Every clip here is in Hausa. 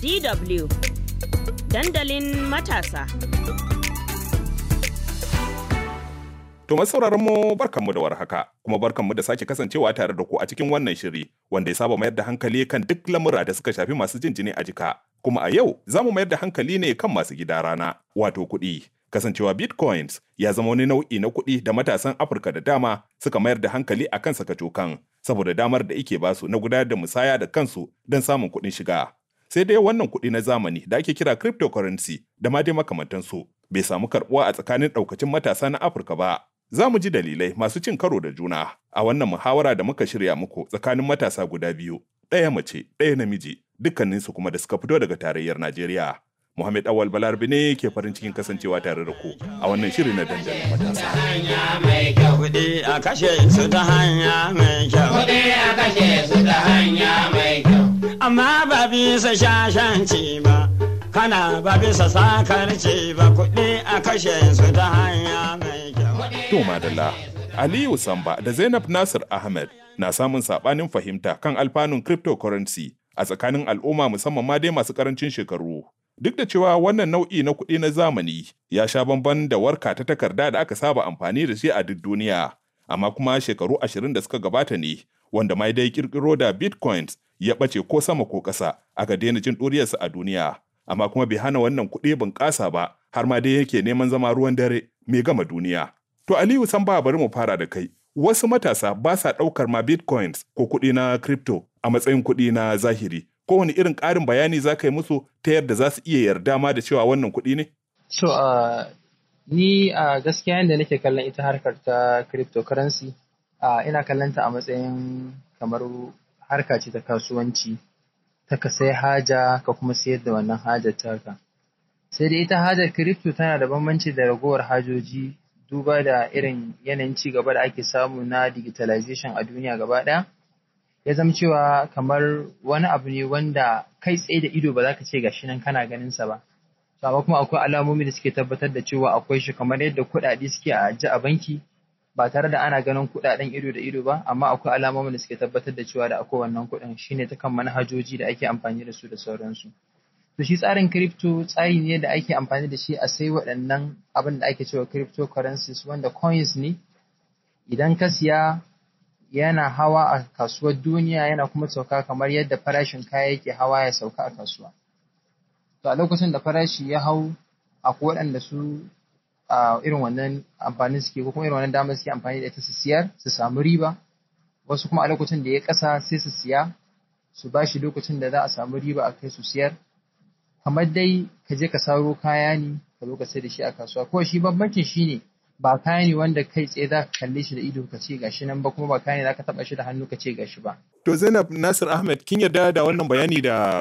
DW dandalin matasa. To sauraron mu barkanmu da warhaka kuma barkanmu da sake kasancewa tare da ku a cikin wannan shiri wanda ya saba mayar da hankali kan duk lamura da suka shafi masu jin jini a jika. Kuma a yau za mu mayar da hankali ne kan masu gida rana wato kuɗi. Kasancewa bitcoins ya zama wani nau'i na kuɗi da matasan Afirka da dama suka mayar da hankali akan kan sakacokan saboda damar da ike basu na gudanar da musaya da kansu don samun kuɗin shiga. sai dai wannan kuɗi na zamani da ake kira cryptocurrency da ma dai makamantansu bai samu karɓuwa a tsakanin ɗaukacin matasa na Afirka ba. Za mu ji dalilai masu cin karo da juna a wannan muhawara da muka shirya muku tsakanin matasa guda biyu, ɗaya mace, ɗaya namiji, dukkaninsu kuma da suka fito daga tarayyar Najeriya. Muhammad Awal Balarbi ne ke farin cikin kasancewa tare da ku a wannan shirin na dandalin matasa. a kashe su ta hanya mai kyau. amma ba bisa shashanci ba kana ba bisa sakarci ba kuɗi a kashe su ta hanya mai kyau. Aliyu Samba da Zainab Nasir Ahmed na samun sabanin fahimta kan alfanun cryptocurrency a tsakanin al'umma musamman ma dai masu karancin shekaru. Duk da cewa wannan nau'i na kuɗi na zamani ya sha bamban da warka ta takarda da aka saba amfani da shi a duk duniya, amma kuma shekaru ashirin da suka gabata ne wanda mai dai kirkiro da bitcoins ya ɓace ko sama ko ƙasa aka daina jin ɗuriyarsa a duniya amma kuma bai hana wannan kuɗi bunƙasa ba har ma dai yake neman zama ruwan dare mai gama duniya to aliyu san ba bari mu fara da kai wasu matasa ba sa ɗaukar ma bitcoins ko kuɗi na crypto a matsayin kuɗi na zahiri kowane irin ƙarin bayani za ka yi musu ta yadda za su iya yarda ma da cewa wannan kuɗi ne so uh, ni a uh, gaskiya yadda nake kallon ita harkar ta cryptocurrency uh, ina kallon a matsayin kamar harka ce ta kasuwanci ta ka sai haja ka kuma sayar da wannan hajar taka sai dai ita hajar crypto tana da bambanci da ragowar hajoji duba da irin yanayin ci gaba da ake samu na digitalization a duniya gaba ɗaya ya zama cewa kamar wani abu ne wanda kai tsaye da ido ba za ka ce gashi nan kana ganin sa ba amma kuma akwai alamomi da suke tabbatar da cewa akwai shi kamar yadda kuɗaɗe suke a ajiye a banki ba tare da ana ganin kuɗaɗen ido da ido ba amma akwai alamomin da suke tabbatar da cewa da akwai wannan kuɗin shine ta kan manhajoji da ake amfani da su da sauransu to shi tsarin crypto tsari ne da ake amfani da shi a sai waɗannan abin da ake cewa cryptocurrencies wanda coins ne idan ka siya yana hawa a kasuwar duniya yana kuma sauka kamar yadda farashin kaya yake hawa ya sauka a kasuwa to a lokacin da farashi ya hau akwai waɗanda su irin wannan amfanin suke ko kuma irin wannan damar suke amfani da ita su siyar su samu riba wasu kuma a lokacin da ya kasa sai su siya su ba shi lokacin da za a samu riba a kai su siyar kamar dai ka je ka saro kaya ne ka zo ka sai da shi a kasuwa ko shi bambancin shi ne ba kaya ne wanda kai tsaye za ka kalle shi da ido ka ce gashi nan ba kuma ba kaya ne za ka taba shi da hannu ka ce gashi ba. To Zainab Nasir Ahmed kin yarda da wannan bayani da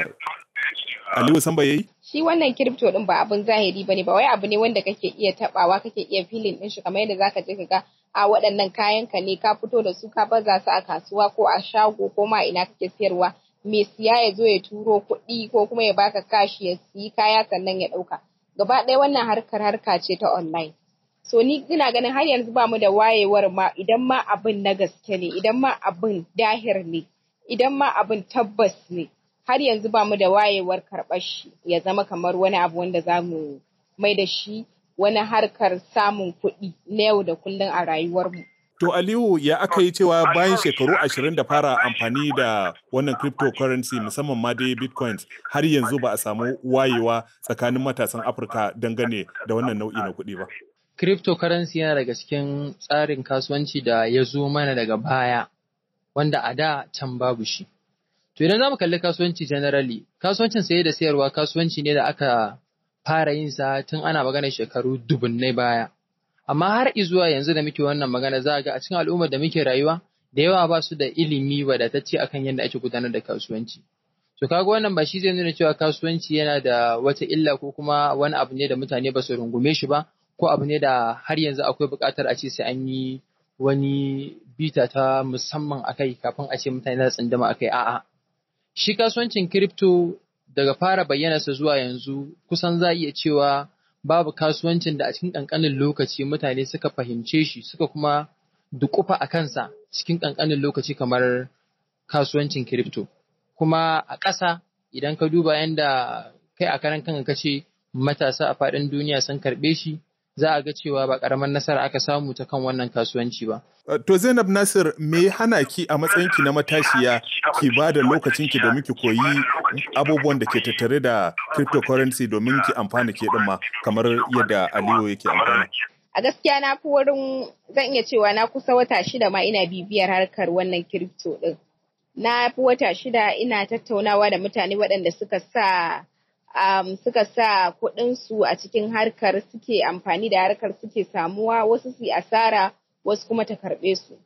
Aliyu ba yayi? Shi wannan kirifto din ba abun zahiri bane ba wai abu ne wanda kake iya tabawa kake iya filin din shi kamar yadda zaka je kaga a waɗannan kayan ka ne ka fito da su ka baza su a kasuwa ko a shago ko ma ina kake siyarwa mai siya ya zo ya turo kuɗi ko kuma ya baka kashi ya siyi kaya sannan ya ɗauka. Gaba ɗaya wannan harkar harka ce ta online. So ni ina ganin har yanzu ba mu da wayewar ma idan ma abin na gaske ne, idan ma abin dahir ne, idan ma abin tabbas ne. har yanzu ba mu da wayewar karɓar shi ya zama kamar wani abu wanda za mu mai da shi wani harkar samun kuɗi na yau da kullum a rayuwarmu. To Aliyu ya aka yi cewa bayan shekaru ashirin da fara amfani da wannan cryptocurrency musamman ma dai bitcoins har yanzu ba a samu wayewa tsakanin matasan Afirka dangane da wannan nau'i na kuɗi ba. Cryptocurrency yana daga cikin tsarin kasuwanci da ya zo mana daga baya wanda a da can babu shi. To idan za mu kalli kasuwanci generally, kasuwancin saye da sayarwa kasuwanci ne da aka fara yin sa tun ana maganar shekaru dubunnai baya. Amma har zuwa yanzu da muke wannan magana za ga a cikin al'ummar da muke rayuwa da yawa ba su da ilimi wadatacce akan yadda ake gudanar da kasuwanci. To kaga wannan ba shi zai nuna cewa kasuwanci yana da wata illa ko kuma wani abu ne da mutane ba su rungume shi ba ko abu ne da har yanzu akwai buƙatar a ce sai an yi wani bita ta musamman akai kafin a ce mutane za su tsindama akai a'a. Shi kasuwancin crypto daga fara bayyanarsa zuwa yanzu kusan za iya cewa babu kasuwancin da a cikin ƙanƙanin lokaci mutane suka fahimce shi suka kuma duƙufa a kansa cikin ƙanƙanin lokaci kamar kasuwancin crypto. Kuma a ƙasa idan ka duba yanda kai a karan kanka ka ce matasa a faɗin duniya sun karɓe shi za a ga cewa ba karamar nasara aka samu ta kan wannan kasuwanci ba. Uh, to Zainab Nasir me hana ki a matsayinki na matashiya ki ba da lokacinki domin ki koyi abubuwan da ke tattare da cryptocurrency domin ki amfana ke din ma kamar yadda Aliyu yake amfana. A gaskiya na fi wurin zan iya cewa na kusa wata shida ma ina bibiyar harkar wannan crypto ɗin Na fi wata shida ina tattaunawa da mutane waɗanda suka sa um, suka sa kuɗinsu a cikin harkar suke amfani da harkar suke samuwa wasu su asara wasu kuma ta karɓe su.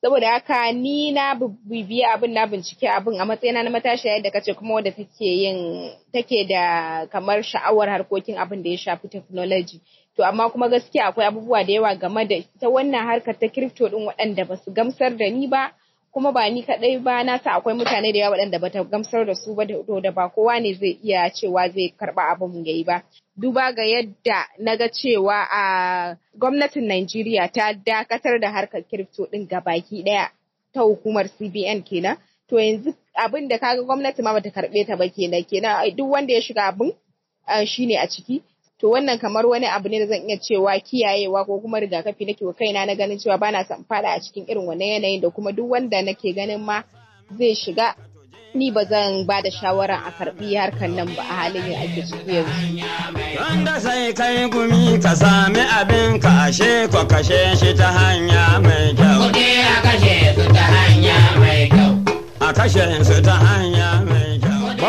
Saboda haka ni na bibiya abin na bincike abin a matsayina na matashi yadda kace kuma wadda take yin take da kamar sha'awar harkokin abin da ya shafi technology. To amma kuma gaskiya akwai abubuwa da yawa game da ita wannan harkar ta crypto din waɗanda ba su gamsar da ni ba kuma ba ni kadai ba na sa akwai mutane da yawa waɗanda bata gamsar da su ba da ba kowa ne zai iya cewa zai karɓa abin yayi ba duba ga yadda na ga cewa a gwamnatin Najeriya ta dakatar da harkar kirifto ga baki daya ta hukumar CBN kenan to yanzu abin da kaga gwamnati ma bata karɓe ta ba kenan kenan duk wanda ya shiga abin shine a ciki to wannan kamar wani abu ne da zan iya cewa kiyayewa ko kuma rigakafi nake wa kaina na ganin cewa bana son fada a cikin irin wannan yanayin da kuma duk wanda nake ganin ma zai shiga ni ba zan ba da shawara a karbi harkan nan ba a halin yin ake ciki yanzu. Wanda sai kai gumi ka sami abin ka ashe ko kashe shi ta hanya mai kyau. Kuɗi a kashe su ta hanya mai kyau. A kashe su ta hanya mai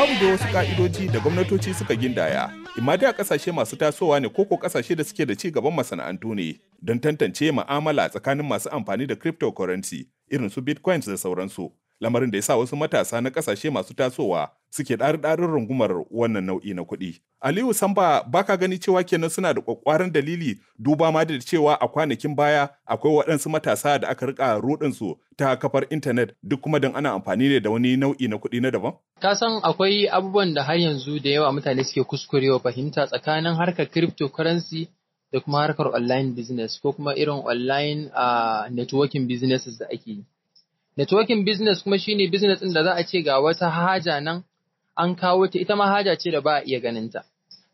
samu da wasu ka'idoji da gwamnatoci suka gindaya imma a ƙasashe masu tasowa ne koko kasashe da suke da ci gaban masana'antu ne don tantance ma'amala tsakanin masu amfani da cryptocurrency irin su bitcoins da sauransu lamarin da ya sa wasu matasa na ƙasashe masu tasowa suke ɗarin rungumar wannan nau'i na kuɗi. Aliyu Samba baka gani cewa kenan suna da ƙwaƙwaran dalili duba ma da cewa a kwanakin baya akwai waɗansu matasa da aka rika su ta kafar intanet duk kuma don ana amfani ne da wani nau'i na kuɗi na daban? Ka san akwai abubuwan da har yanzu da yawa mutane suke kuskurewa fahimta tsakanin harkar cryptocurrency da kuma harkar online business ko kuma irin online uh, networking businesses da ake yi. Networking business kuma shine business ɗin da za a ce ga wata haja nan an kawo ta ita ma haja ce da ba a iya ganin ta.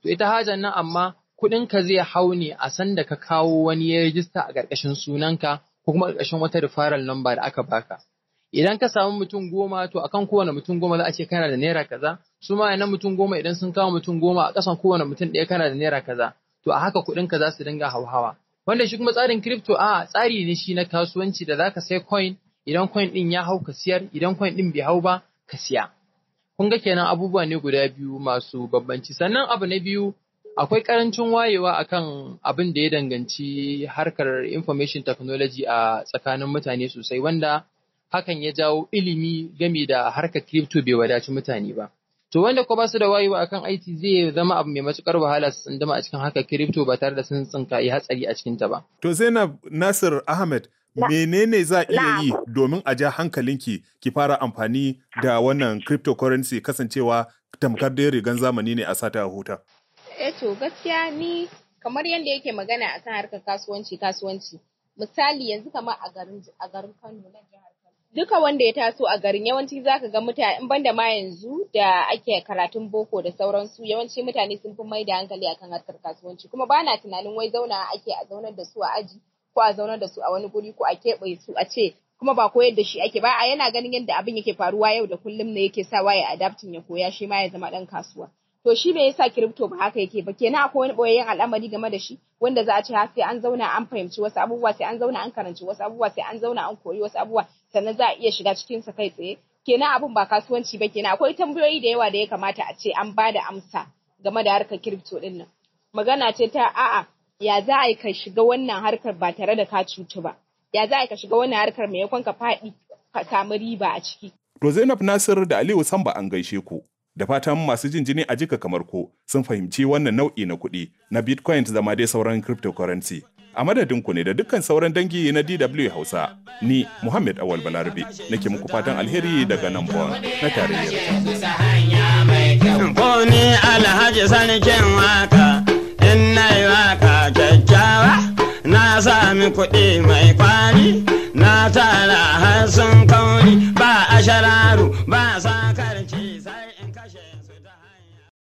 To ita hajan nan amma kuɗin ka zai hau ne a san da ka kawo wani ya rijista a ƙarƙashin sunanka ko kuma ƙarƙashin wata referral number da aka baka. Idan ka samu mutum goma to akan kowane mutum goma za a ce kana da naira kaza, su ma yana mutum goma idan sun kawo mutum goma a kasan kowane mutum ɗaya kana da naira kaza, to a haka kuɗin ka za su dinga hauhawa. Wanda shi kuma tsarin crypto a tsari ne shi na kasuwanci da zaka sai coin idan coin ɗin ya hau ka siyar idan coin ɗin bai hau ba ka siya. kun ga kenan abubuwa ne guda biyu masu bambanci sannan abu na biyu akwai karancin wayewa akan abin da ya danganci harkar information technology a tsakanin mutane sosai wanda hakan ya jawo ilimi game da harkar crypto bai wadaci mutane ba to wanda ko ba su da wayewa akan IT zai zama abu mai matukar wahala su tsindama a cikin haka crypto ba tare da sun yi hatsari a cikin ta ba to Zainab Nasir Ahmed menene za iya yi domin a ja hankalinki ki fara amfani da wannan cryptocurrency kasancewa tamkar dai rigan zamani ne a sata a huta? Eh gaskiya ni kamar yadda yake magana akan harkar kasuwanci kasuwanci misali yanzu kamar a garin Kano na jihar Kano duka wanda ya taso a garin yawanci zaka ga mutane in banda ma yanzu da ake karatun boko da sauransu yawanci mutane sun fi mai da hankali akan harkar kasuwanci kuma ba na tunanin wai zauna ake a zaunar da su a aji ko a zaunar da su a wani guri ko a keɓe su a ce kuma ba koyar da shi ake ba a yana ganin yadda abin yake faruwa yau da kullum ne yake sa waye adaptin ya koya shi ma ya zama ɗan kasuwa to shi me yasa crypto ba haka yake ba kenan akwai wani boyayyen al'amari game da shi wanda za a ce sai an zauna an fahimci wasu abubuwa sai an zauna an karanci wasu abubuwa sai an zauna an koyi wasu abubuwa sannan za a iya shiga cikin sa kai tsaye kenan abin ba kasuwanci ba kenan akwai tambayoyi da yawa da ya kamata a ce an ba da amsa game da harkar crypto din nan magana ce ta a'a ya za a ka shiga wannan harkar ba tare da ka cuci ba ya za a ka shiga wannan harkar yakon ka faɗi ka samu riba a ciki. Zainab Nasir da Aliyu san ba an gaishe ku. Da fatan masu jin jini a jika kamar ku sun fahimci wannan nau'i na kuɗi na Bitcoin zama dai sauran cryptocurrency. A madadin ku ne da dukkan sauran dangi na DW Hausa, ni Muhammad Awal Balarabe nake muku fatan alheri daga nan bon na tarihi. sami kuɗi mai kwari na tara har sun kauri ba a shararu ba sakar